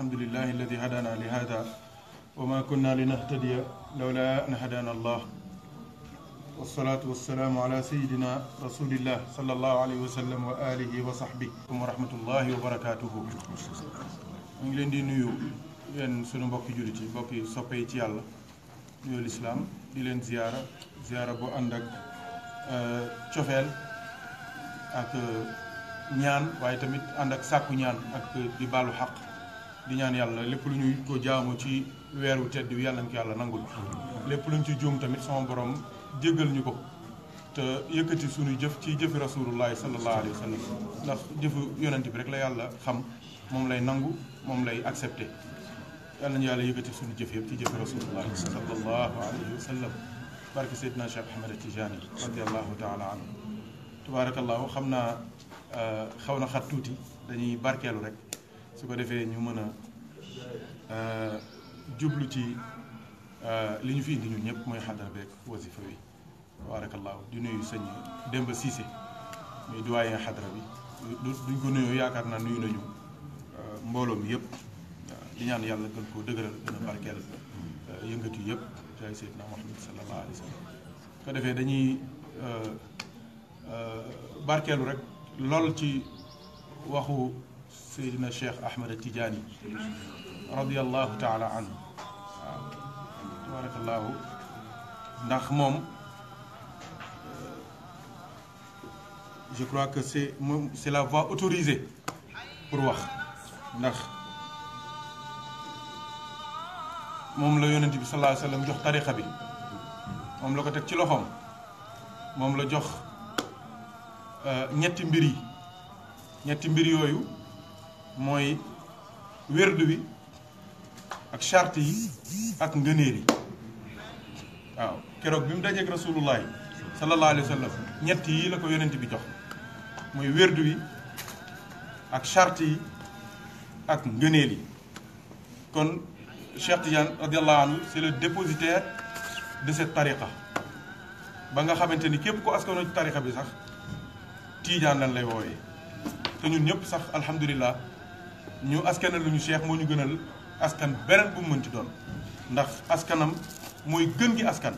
الحمد لله الذي هدانا لهذا وما كنا لنهتدي لولا أن هدانا الله والصلاة والسلام على سيدنا رسول الله صلى الله عليه وسلم وآله وصحبه ورحمة الله وبركاته نجلن دي نيو ين سنو بوكي جولتي بوكي سوبي تيال نيو الإسلام دي زيارة زيارة بو أندك تشوفيل أك نيان وايتميت أندك ساكو نيان أك دي بالو حق di ñaan yàlla lépp lu ñuy ko jaamu ci weer weeru tedd bi yàlla nañ ko yàlla nangul lépp luñ ci juum tamit sama borom jéggal ñu ko te yëkkati suñu jëf ci jëfi rasulullahi sallallahu alayhi wa sallam ndax jëfu yonent bi rek la yàlla xam moom lay nangu moom lay accepté yàlla nañu yàlla yëkkati suñu jëf yëpp ci jëfi rasulullahi sallallahu alayhi wa sallam barke Seydina Cheikh Ahmed Tijaani radiallahu taala anhu tabaarakallahu xam naa euh, xaw na xat tuuti dañuy barkeelu rek su ko defee ñu mën a euh, jublu ci euh, li ñu fi indi ñun ñëpp mooy xadara beeg wasifa bi tabaarakallaahu di nuyu sëñ Demba Cissé muy doyen xadara bi duñ ko nuyu yaakaar naa nuyu nañu euh, mbooloo mi yëpp di ñaan yàlla gën koo dëgëral gën a barkeel yëngat yi yëpp jaay seydina Muhammad sallallahu alayhi wa ko defee dañuy barkeelu rek lool ci waxu سيدنا الشيخ أحمد التجاني رضي الله تعالى عنه تبارك الله نخمم je crois que c'est c'est la voie autorisée pour wax ndax moom la yonent bi sallallahu alayhi wasallam jox tariqa bi moom la ko teg ci loxoom moom la jox ñetti mbir yi ñetti mbir yooyu mooy wérdu bi ak charte yi ak ngëneer yi waaw keroog bi mu dajeeg rasulullahi sallallahu alayhi wa sallam ñett yii la ko yonent bi jox mooy wérdu yi ak charte yi ak ngëneel yi kon Cheikh Tidiane radiallahu anhu c'est le dépositaire de cette tariqa ba nga xamante ni képp ko askanoo ci tariqa bi sax Tidiane lan lay woowee te ñun ñëpp sax alhamdulillah ñu askanal lu ñu Cheikh moo ñu gënal askan beneen bu mu ci doon ndax askanam mooy gën gi askan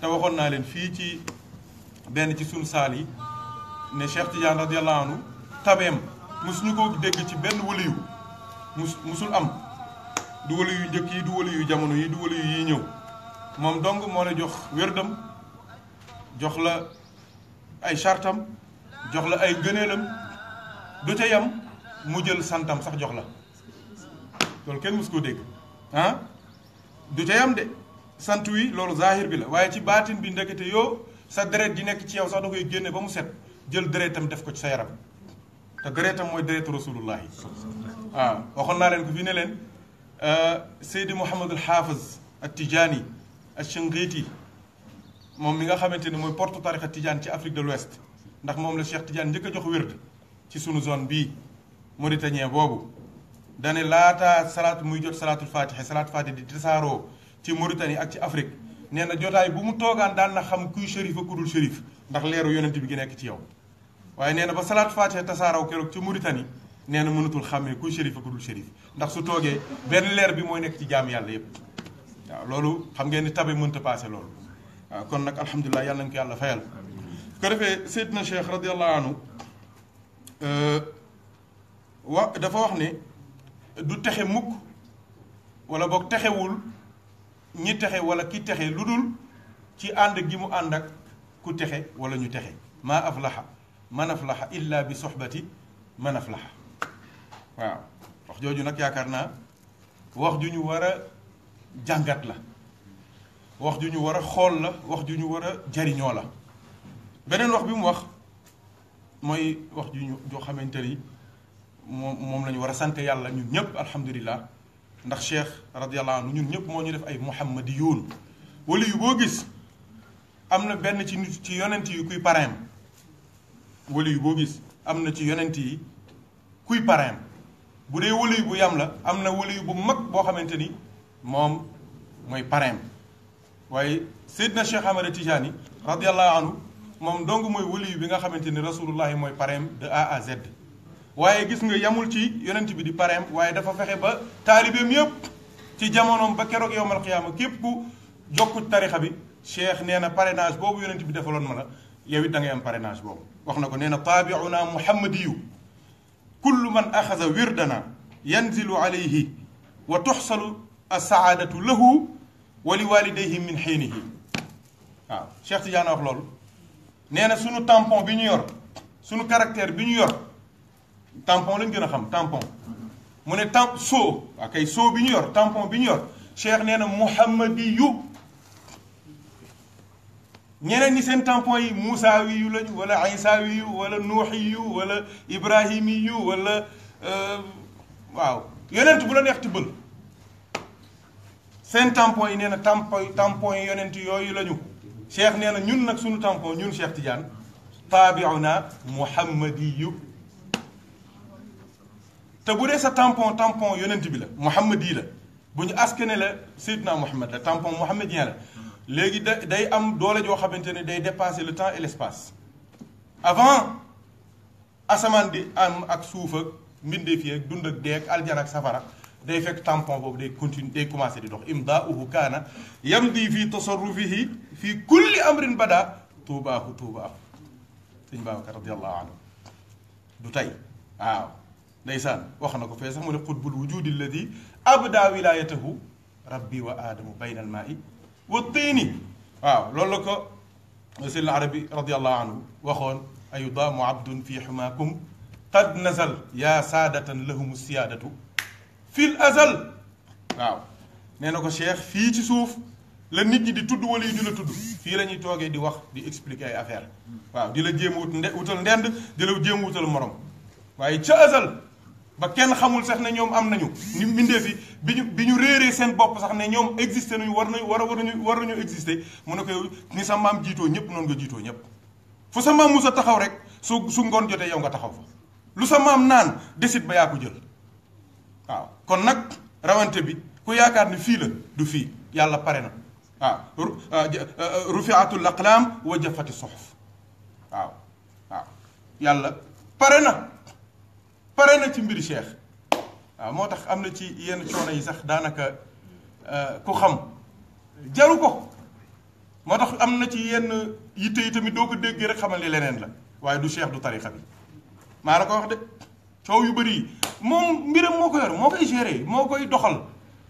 te waxoon naa leen fii ci benn ci sunu saal yi ne Cheikh Tidiane radiyallahu anhu tabeem mosuñu ko dégg ci benn waliyu mus musul am du waliyu yu njëkk yi du waliyu jamono yi du waliyu yiy ñëw moom dong moo la jox wérdam jox la ay chartam jox la ay gëneelam du ca yam mu jël santam sax jox la loolu kenn mus koo dégg ah du ca yam de sant wi loolu zahir bi la waaye ci baatin bi ndekete yoo sa deret di nekk ci yow sax da koy génne ba mu set jël deretam def ko ci sa yaram te deretam mooy deretu rasulullah yi waaw waxoon naa ko fii ne leen Seydi Mouhamadul Haafaz ak Tidjani ak Chinqiti moom mi nga xamante ci Afrique de l'Ouest ndax mom la Cheikh tidiane njëkk jox wérd ci sunu zone bi mauritanien boobu dane laata salaatu muy jot salaatul fatiha salaatul fatiha di tasaaroo ci Mauritanie ak ci Afrique nee na jotaay bu mu toogaan daan na xam kuy shérif ak ku dul shérif ndax leeru yonent bi gi nekk ci yow waaye nee na ba salaatul fatiha tasaaroo keroog ci Mauritanie nee na mënatul xàmmee kuy shérif ak ku shérif ndax su toogee benn leer bi mooy nekk ci jaam yàlla yépp waaw loolu xam ngeen ni tabe mënta passé loolu waaw kon nag alhamdulilah yàlla nañ ko yàlla fayal ko defee Seydina Cheikh radiallahu anhu wa dafa wax ne du texe mukk wala boog texewul ñi texe wala ki texe lu dul ci ànd gi mu ànd ak ku texe wala ñu texe maa aflaxa man aflaxa illa bi soxbati man aflaxa waaw wax jooju nag yaakaar naa wax ju ñu war a jàngat la wax ju ñu war a xool la wax ju ñu war a jariñoo la beneen wax bi mu wax mooy wax ju ñu joo xamante ni mom lañu wara sante yàlla ñun ñëpp alhamdullilah ndax cheikh radiyallahu anhu ñun ñëpp mo ñu def ay muhammadiyun wali yu bo gis amna ben ci nit ci yonenti yu kuy pareem wali yu bo gis amna ci yonenti yi kuy pareem bu dé wali bu yam la amna wali bu mag bo xamanteni mom moy mooy waye waaye Cheikh amadou Tijani radiyallahu anhu mom dong moy wali bi nga xamanteni rasulullah moy mooy de A à Z waaye gis nga yamul ci yonent bi di parem waaye dafa fexe ba taalibeem yépp ci jamonoom ba keroog yowmal xiyaama képp ku jokku tarixa bi cheikh nee na parrainage boobu yonent bi defaloon ma la yow it da ngay am parénage boobu wax na ko nee na taabiuna muhammadiyu kullu man axasa wirdana yanzilu alayhi wa tuxsalu asaadatu lahu wa li walidayhi min xiinihi waaw cheikh Tidiane wax loolu nee na sunu tampon bi ñu yor sunu caractère bi ñu yor tampon lañu gëna xam tampon mu ne tam so akay so bi ñu yor tampon bi ñu yor cheikh neena muhammadi yu ñeneen ñi seen tampon yi wi yu lañu wala isa wi yu wala nuuxi yu wala ibrahimi yu wala waaw yonent bu la neex ti tibbal seen tampon yi neena na tampon tampon yi yonent yooyu lañu cheikh neena ñun nag suñu tampon ñun cheikh Tidiane tabi'una muhammadi yu te bu dee sa tampon tampon yonent bi la Muhammad yi la bu ñu askane la Seydina Muhammad la tampon muhammadien la léegi da day am doole joo xamante ne day dépasser le temps et l'espace avant asamaan di am ak suuf ak mbindeef yi ak dund ak dee ak aljana ak safara day fekk tampon boobu day continue day commencé di dox imdauhu kaana yamdi fi tasarrufihi fi kulli amrin bada tuubaahu tuubaahu sëñ Babacar radiallahu anhu du tey waaw ديسان واخنا كو فيسخ من قطب الوجود الذي ابدا ولايته ربي وادم بين الماء والطين واو آه، لول كو سيدنا عربي رضي الله عنه واخون ايضام عبد في حماكم قد نزل يا سادة لهم السيادة في الازل واو آه، نينكو شيخ في تي سوف لا نيت دي تود ولي دي لا تود في لا ني توغي دي واخ دي اكسبليكي افير واو دي لا جيم ووتال ندند دي لا جيم ووتال موروم واي تي ازل ba kenn xamul sax ne ñoom am nañu ni mbindeef fi bi ñu bi ñu réeree seen bopp sax ne ñoom existé nañu war nañu war a war nañu war nañu existé mu ne ko yow ni sa maam jiitoo ñëpp noonu nga jiitoo ñëpp fu sa maam musa taxaw rek su su ngoon jotee yow nga taxaw fa lu sa maam naan décide ba yaa ko jël waaw kon nag rawante bi ku yaakaar ni fii la du fii yàlla pare na waaw ah, ah, rufiatul aqlaam wa jafati suhuf waaw waaw yàlla pare na pare na ci mbir Cheikh waaw motax amna ci yenn choona yi sax daanaka ku xam jaru ko motax amna ci yenn yitte yi tamit doo ko déggee rek xamal ni leneen la waye du Cheikh du tarixa bi ma la ko wax de coow yu bari mom mbiram moko yor moo koy gérer moo doxal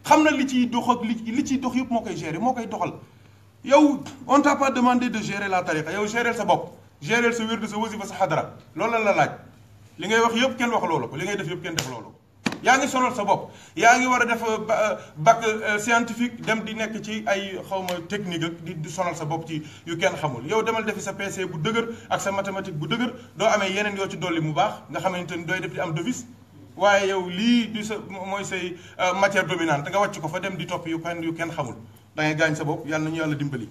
xamna li ci dox ak li ci dox yup moo koy gérer moo doxal yow on t'a pas demandé de gérer la tariqa yow gérer sa bop gérer sa wirdu sa wasifa sa hadra lolou la laaj li ngay wax yëpp kenn wax loolu ko li ngay def yëpp kenn def loolu ko yaa ngi sonal sa bopp yaa ngi war a def bac scientifique dem di nekk ci ay xawma technique ak di sonal sa bopp ci yu kenn xamul yow demal defi sa PC bu dëgër ak sa mathématique bu dëgër doo amee yeneen yoo ci dolli mu baax nga xamante ni dooy def di am devis waaye yow lii di sa mooy say matière dominante nga wàcc ko fa dem di topp yu kenn yu kenn xamul da ngay gaañ sa bopp yàlla nañu yàlla dimbali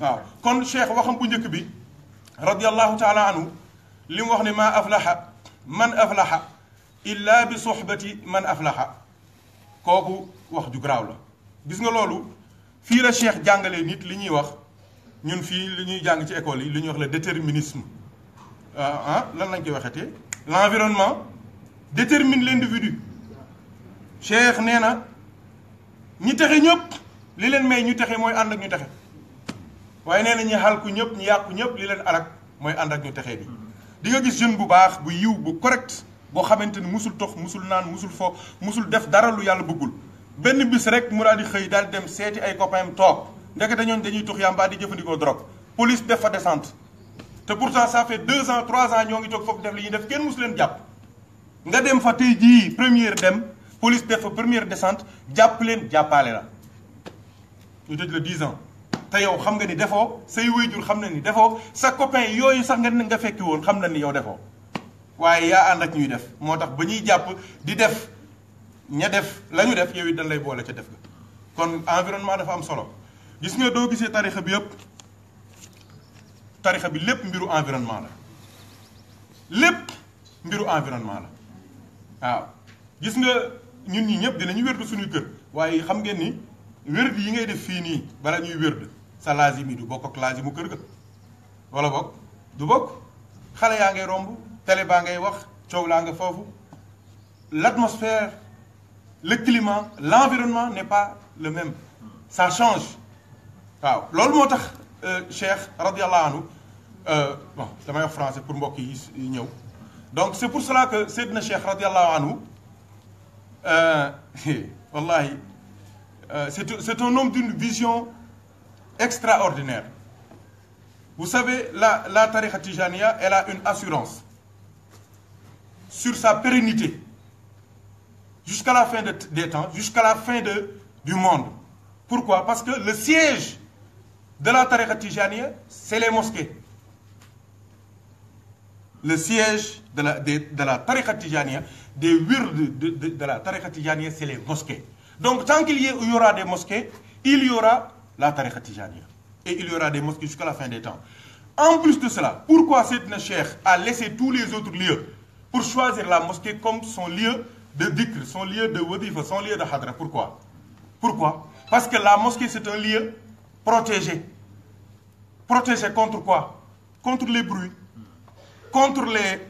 waaw kon cheikh waxam bu njëkk bi radiallahu taala anhu li mu wax ni ma aflaha man aflaha illa bi soxbati man aflaha koku wax ju garaaw la gis nga loolu fi la cheikh jangale nit li ñuy wax ñun fi li ñuy jàng ci école yi li ñuy wax le déterminisme ah, ah lan lañ ci waxetee l'environnement détermine l'individu cheikh neena ñi taxé ñëpp li leen may ñu taxé moy and ak ñu taxé waye neena ñi halku ñëpp ñi yàqu ñëpp li leen alak moy and ak ñu taxé bi di nga gis jeune bu baax bu yiw bu correct bo xamanteni musul tox musul nan musul fo musul def dara lu yalla bëggul ben bis rek mu daal di xëy daal dem séti ay copains toog ndekete dañu dañuy tux yamba di jëfandikoo drogue police def fa descente te pourtant ça fait 2 ans 3 ans ñoo ngi tok fofu def li ñuy def kenn musu leen jàpp nga dem fa tay ji première dem police def fa première descente japp leen jàppaale la peut-être la dix ans te yow xam nga ni defoo say wéyjur xam na ni defoo sa copain yooyu sax nga nga fekki woon xam na ni yow defoo waaye yaa ànd ak ñuy def moo tax ba ñuy jàpp di def ña def la def yow it dañ lay boole ca def ga kon environnement dafa am solo gis nga doo gisee tarixa bi yëpp tarixa bi lépp mbiru environnement la lépp mbiru environnement la waaw gis nga ñun ñi ñëpp dinañu wérdu suñuy kër waaye xam ngeen ni wérd yi ngay def fii nii bala ñuy wérd sa laazim yi du bokk ak mu kër ga wala bokk du bokk xale yaa ngay romb télé baa ngay wax coow laa nga foofu l'atmosphère le climat l'environnement n'est pas le même ça change waaw loolu moo tax euh, Cheikh radiallahu anhu euh, bon damay wax français pour mbokk yi ñëw donc c'est pour cela que Seydina Cheikh radiallahu anhu euh, wallahi c'est c'est un homme d'une vision extraordinaire. Vous savez, la, la tariqa elle a une assurance sur sa pérennité jusqu'à la fin des temps, jusqu'à la fin du monde. Pourquoi Parce que le siège de la tariqa Tijania, c'est les mosquées. Le siège de la, de, de des wirdes de, la tariqa Tijania, c'est les mosquées. Donc tant qu'il y aura des mosquées, il y aura la Et il y aura des mosquées jusqu'à la fin des temps. En plus de cela, pourquoi cette Cheikh a laissé tous les autres lieux pour choisir la mosquée comme son lieu de dhikr, son lieu de wadifa, son lieu de hadra Pourquoi Pourquoi Parce que la mosquée, c'est un lieu protégé. Protégé contre quoi Contre les bruits, contre les,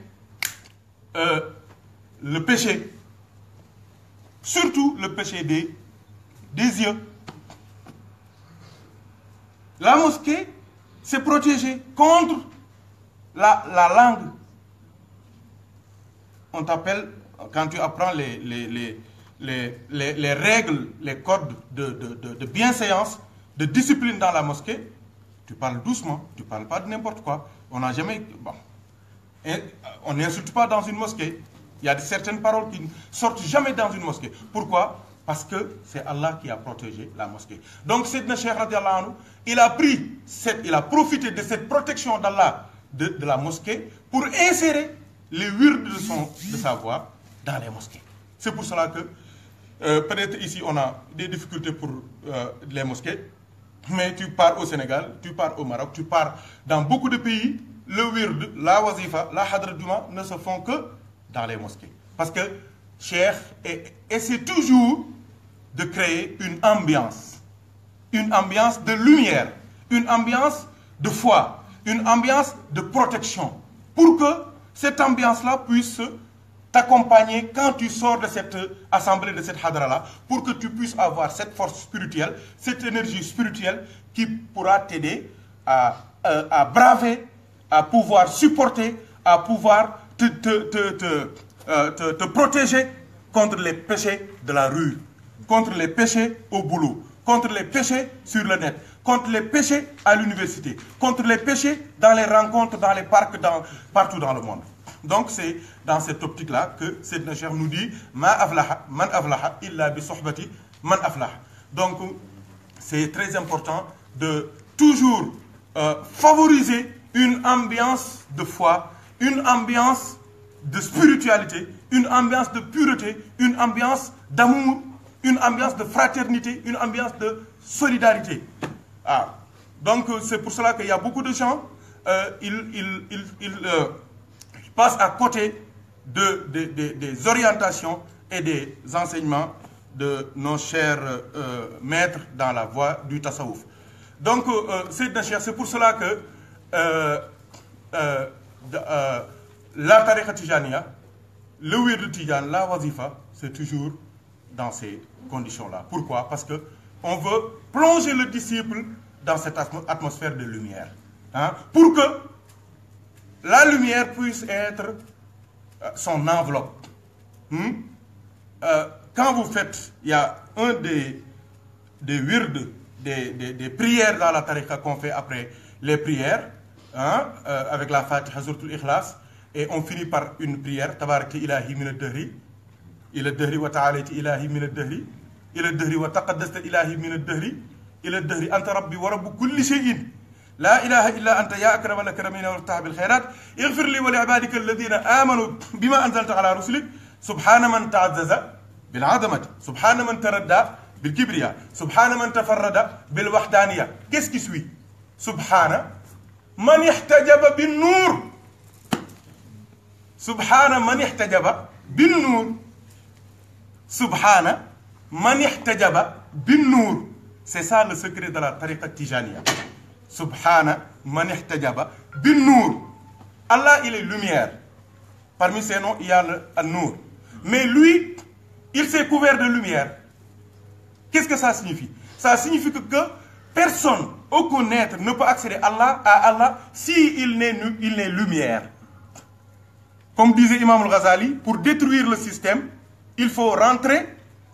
euh, le péché. Surtout le péché des, des yeux. La mosquée c'est protégé contre la, langue. On t'appelle, quand tu apprends les, les, règles, les codes de, bienséance, de discipline dans la mosquée, tu parles doucement, tu ne parles pas de n'importe quoi. On n'a jamais. Bon. Euh, on n'insulte pas dans une mosquée. Il y a certaines paroles qui ne sortent jamais dans une mosquée. Pourquoi parce que c'est Allah qui a protégé la mosquée. Donc Sidna Cheikh il a pris, cette, il a profité de cette protection d'Allah de, la mosquée pour insérer les wirdes de, son, de sa voix dans les mosquées. C'est pour cela que euh, peut-être ici on a des difficultés pour euh, les mosquées, mais tu pars au Sénégal, tu pars au Maroc, tu pars dans beaucoup de pays, le wird, la wazifa, la hadra ne se font que dans les mosquées. Parce que Cheikh c'est toujours de créer une ambiance, une ambiance de lumière, une ambiance de foi, une ambiance de protection, pour que cette ambiance-là puisse t'accompagner quand tu sors de cette assemblée, de cette hadra-là, pour que tu puisses avoir cette force spirituelle, cette énergie spirituelle qui pourra t'aider à, euh, à, braver, à pouvoir supporter, à pouvoir te euh, protéger contre les péchés de la rue contre les péchés au boulot, contre les péchés sur le net, contre les péchés à l'université, contre les péchés dans les rencontres, dans les parcs, partout dans le monde. Donc c'est dans cette optique-là que cette Cher nous dit Ma avlaha, man avlaha, illa bi sohbati, man avlaha. Donc c'est très important de toujours euh, favoriser une ambiance de foi, une ambiance de spiritualité, une ambiance de pureté, une ambiance d'amour une ambiance de fraternité, une ambiance de solidarité. Ah. Donc euh, c'est pour cela qu'il y a beaucoup de gens, euh, ils, ils, ils, euh, passent à côté de, des orientations et des enseignements de nos chers euh, maîtres dans la voie du Tassaouf. Donc c'est pour cela que la tariqa tijaniya, le wird tijan, la wazifa, c'est toujours dans ces conditions-là. Pourquoi Parce qu'on veut plonger le disciple dans cette atmosphère de lumière. Hein, pour que la lumière puisse être euh, son enveloppe. Hmm? Euh, quand vous faites, il y a un des, des des, des, prières dans la tariqa qu'on fait après les prières, hein, euh, avec la Fatiha et on finit par une prière, Tabarak ilahi minatari, إلى الدهر وتعاليت إلهي من الدهر إلى الدهر وتقدست إلهي من الدهر إلى الدهر أنت ربي ورب كل شيء لا إله إلا أنت يا أكرم الأكرمين وارتاح بالخيرات اغفر لي ولعبادك الذين آمنوا بما أنزلت على رسلك سبحان من تعزز بالعظمة سبحان من تردى بالكبرياء سبحان من تفرد بالوحدانيه كيس qu'est-ce سبحان من احتجب بالنور سبحان من احتجب بالنور subhana man ihtajaba bin c'est ça le secret de la tariqa tijaniya subhana man ihtajaba bin Allah il est lumière parmi ses noms il y a le nur. mais lui il s'est couvert de lumière qu'est-ce que ça signifie ça signifie que personne aucun être ne peut accéder à Allah à Allah si n'est n'est lumière comme disait Imam Al-Ghazali pour détruire le système il faut rentrer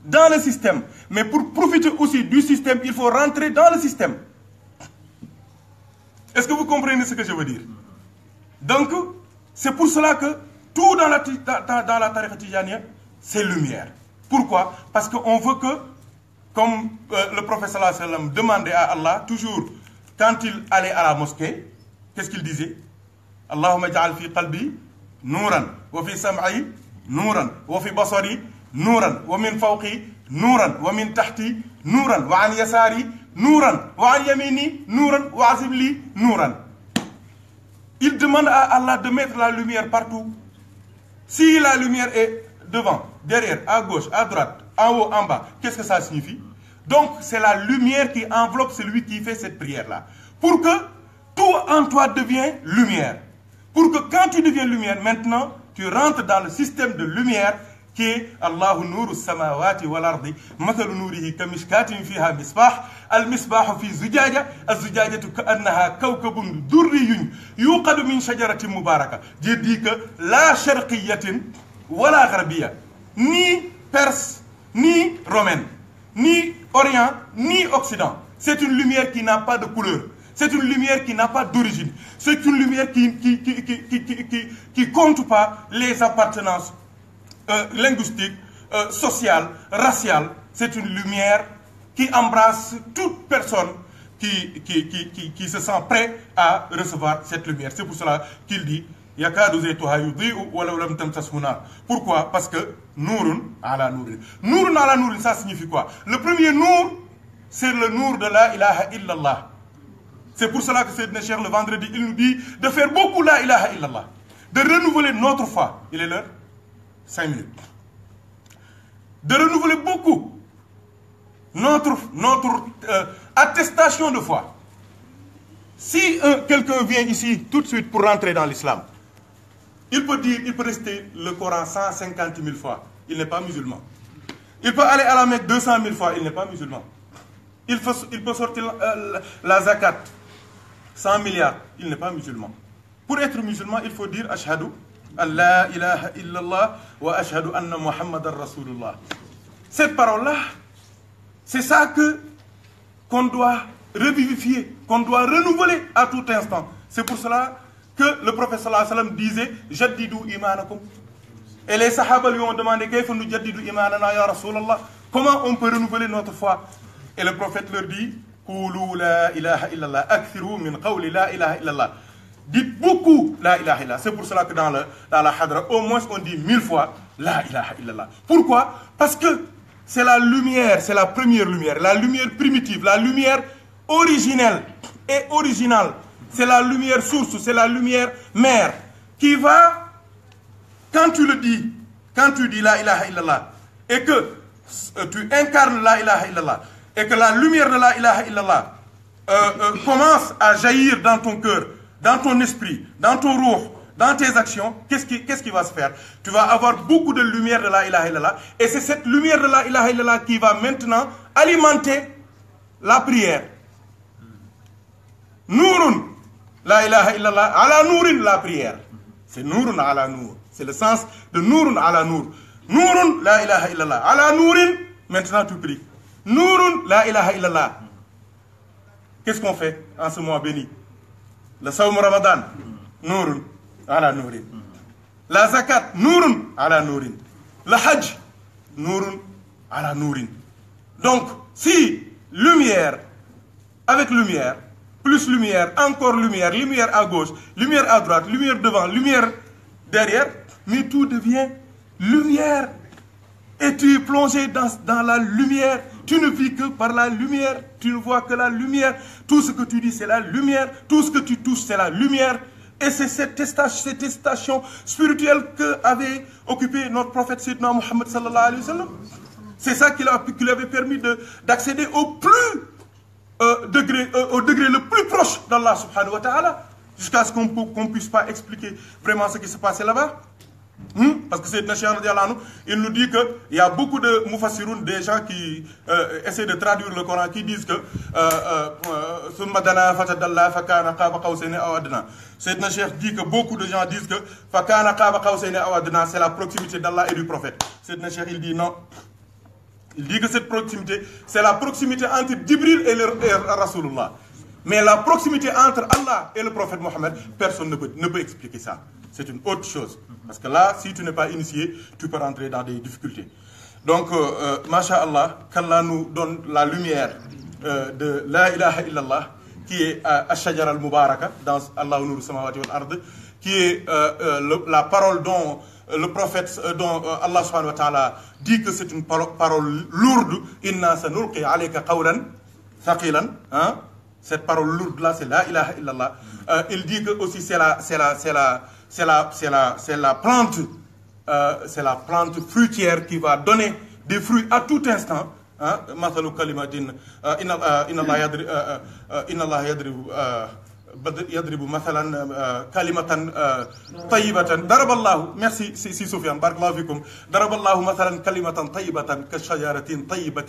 dans le système. Mais pour profiter aussi du système, il faut rentrer dans le système. Est-ce que vous comprenez ce que je veux dire Donc, c'est pour cela que tout dans la, dans la c'est lumière. Pourquoi Parce qu'on veut que, comme euh, le prophète sallallahu sallam demandait à Allah, toujours, quand il allait à la mosquée, qu'est-ce qu'il disait Allahumma ja'al fi qalbi nuran, wa fi sam'ai, nuran, wa fi basari Nouran, wa min fawqi il demande à Allah de mettre la lumière partout si la lumière est devant derrière à gauche à droite en haut en bas qu'est-ce que ça signifie donc c'est la lumière qui enveloppe celui qui fait cette prière là pour que tout en toi devient lumière pour que quand tu deviens lumière maintenant tu rentres dans le système de lumière كي الله نور السماوات ni perse ni romaine ni orient ni occident c'est une lumière qui n'a pas de couleur c'est une lumière qui n'a pas d'origine c'est une lumière qui qui compte pas les appartenances euh, linguistique, euh, sociale, raciale, c'est une lumière qui embrasse toute personne qui, qui, qui, qui, se sent prêt à recevoir cette lumière. C'est pour cela qu'il dit pourquoi Parce que Nourun ala Nourun. Nourun ala ça signifie quoi Le premier Nour, c'est le Nour de la ilaha illallah. C'est pour cela que c'est cher le vendredi, il nous dit de faire beaucoup la ilaha illallah. De renouveler notre foi. Il est l'heure 5 minutes de renouveler beaucoup notre, notre euh, attestation de foi. Si quelqu'un vient ici tout de suite pour rentrer dans l'islam, il peut dire, il peut rester le Coran 150 000 fois, il n'est pas musulman. Il peut aller à la Mecque 200 000 fois, il n'est pas musulman. Il peut, il peut sortir euh, la zakat 100 milliards, il n'est pas musulman. Pour être musulman, il faut dire Ashhadu لا إله إلا الله وأشهد أن محمد رسول الله cette parole là c'est ça que qu'on doit revivifier qu'on doit renouveler à tout instant c'est pour cela que le prophète صلى الله عليه sallam disait جددوا إيمانكم et les sahaba lui ont demandé kayfa إيماننا يا رسول الله comment on peut renouveler notre foi et le prophète leur dit قولوا لا إله إلا الله أكثروا من قول لا إله إلا الله Dites beaucoup la ilaha illallah. C'est pour cela que dans, le, dans la hadra, au moins qu'on dit mille fois la ilaha illallah. Pourquoi Parce que c'est la lumière, c'est la première lumière, la lumière primitive, la lumière originelle et originale. C'est la lumière source, c'est la lumière mère qui va, quand tu le dis, quand tu dis la ilaha illallah, et que euh, tu incarnes la ilaha illallah, et que la lumière de la ilaha illallah euh, euh, commence à jaillir dans ton cœur, dans ton esprit, dans ton roux, dans tes actions, qu'est-ce qui, va se faire Tu vas avoir beaucoup de lumière de la ilaha illallah. Et c'est cette lumière de la ilaha illallah qui va maintenant alimenter la prière. Nourun, la ilaha illallah, ala nourin la prière. C'est nourun ala nour. C'est le sens de nourun ala nour. Nourun, la ilaha illallah. Ala nourin, maintenant tu pries. Nourun, la ilaha illallah. Qu'est-ce qu'on fait en ce mois béni la saum ramadan nourun, ala Nourin. la zakat à ala Nourin. La hajj à ala Nourin. donc si lumière avec lumière plus lumière encore lumière lumière à gauche lumière à droite lumière devant lumière derrière mais tout devient lumière et tu es plongé dans, dans la lumière tu ne vis que par la lumière. Tu ne vois que la lumière. Tout ce que tu dis, c'est la lumière. Tout ce que tu touches, c'est la lumière. Et c'est cette station spirituelle que avait occupé notre prophète Sidna Muhammad sallallahu alayhi wa sallam. C'est ça qui lui avait permis d'accéder au plus euh, degré, euh, au degré le plus proche d'Allah subhanahu wa ta'ala. Jusqu'à ce qu'on ne puisse pas expliquer vraiment ce qui se passait là-bas. Hmm? Parce que Sayyidina Cheikh il nous dit qu'il y a beaucoup de Mufassiroun, des gens qui euh, essaient de traduire le Coran, qui disent que euh, euh, euh Sayyidina Cheikh dit que beaucoup de gens disent que c'est la proximité d'Allah et du prophète. Sayyidina Cheikh, il dit non. Il dit que cette proximité, c'est la proximité entre Dibril et, le, et Rasulullah. Mais la proximité entre Allah et le prophète Mohammed, personne ne peut, ne peut expliquer ça. C'est une autre chose. Parce que là, si tu n'es pas initié, tu peux rentrer dans des difficultés. Donc, euh, euh Allah, qu'Allah nous donne la lumière euh, de La ilaha illallah, qui est euh, Ashajar al-Mubaraka, dans Allah Nur Samawati wal Ard, qui est la parole dont le prophète, dont Allah subhanahu wa dit que c'est une parole, parole lourde. Inna sanulqi alayka qawlan thaqilan. Hein? Cette parole lourde-là, c'est la ilaha illallah. Euh, il dit que aussi c'est la, c'est la, c'est la, c'est la, c'est la, c'est la plante, euh, c'est la plante fruitière qui va donner des fruits à tout instant. Hein? يضرب مثلا كلمة طيبة ضرب الله ميرسي سي سفيان بارك الله فيكم ضرب الله مثلا كلمة طيبة كشجرة طيبة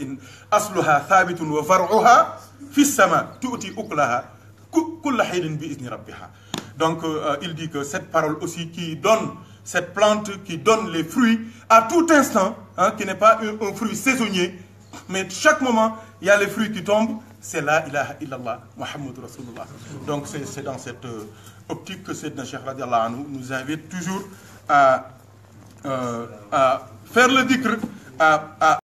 أصلها ثابت وفرعها في السماء تؤتي أكلها كل حين بإذن ربها Donc euh, il dit que cette parole aussi qui donne cette plante qui donne les fruits à tout instant, hein, qui n'est pas un, un fruit saisonnier, mais chaque moment, il y a les fruits qui tombent, c'est il a illallah Muhammad Rasulullah. Donc c'est dans cette euh, optique que cette Cheikh anhu nous invite toujours à, euh, à faire le dhikr, à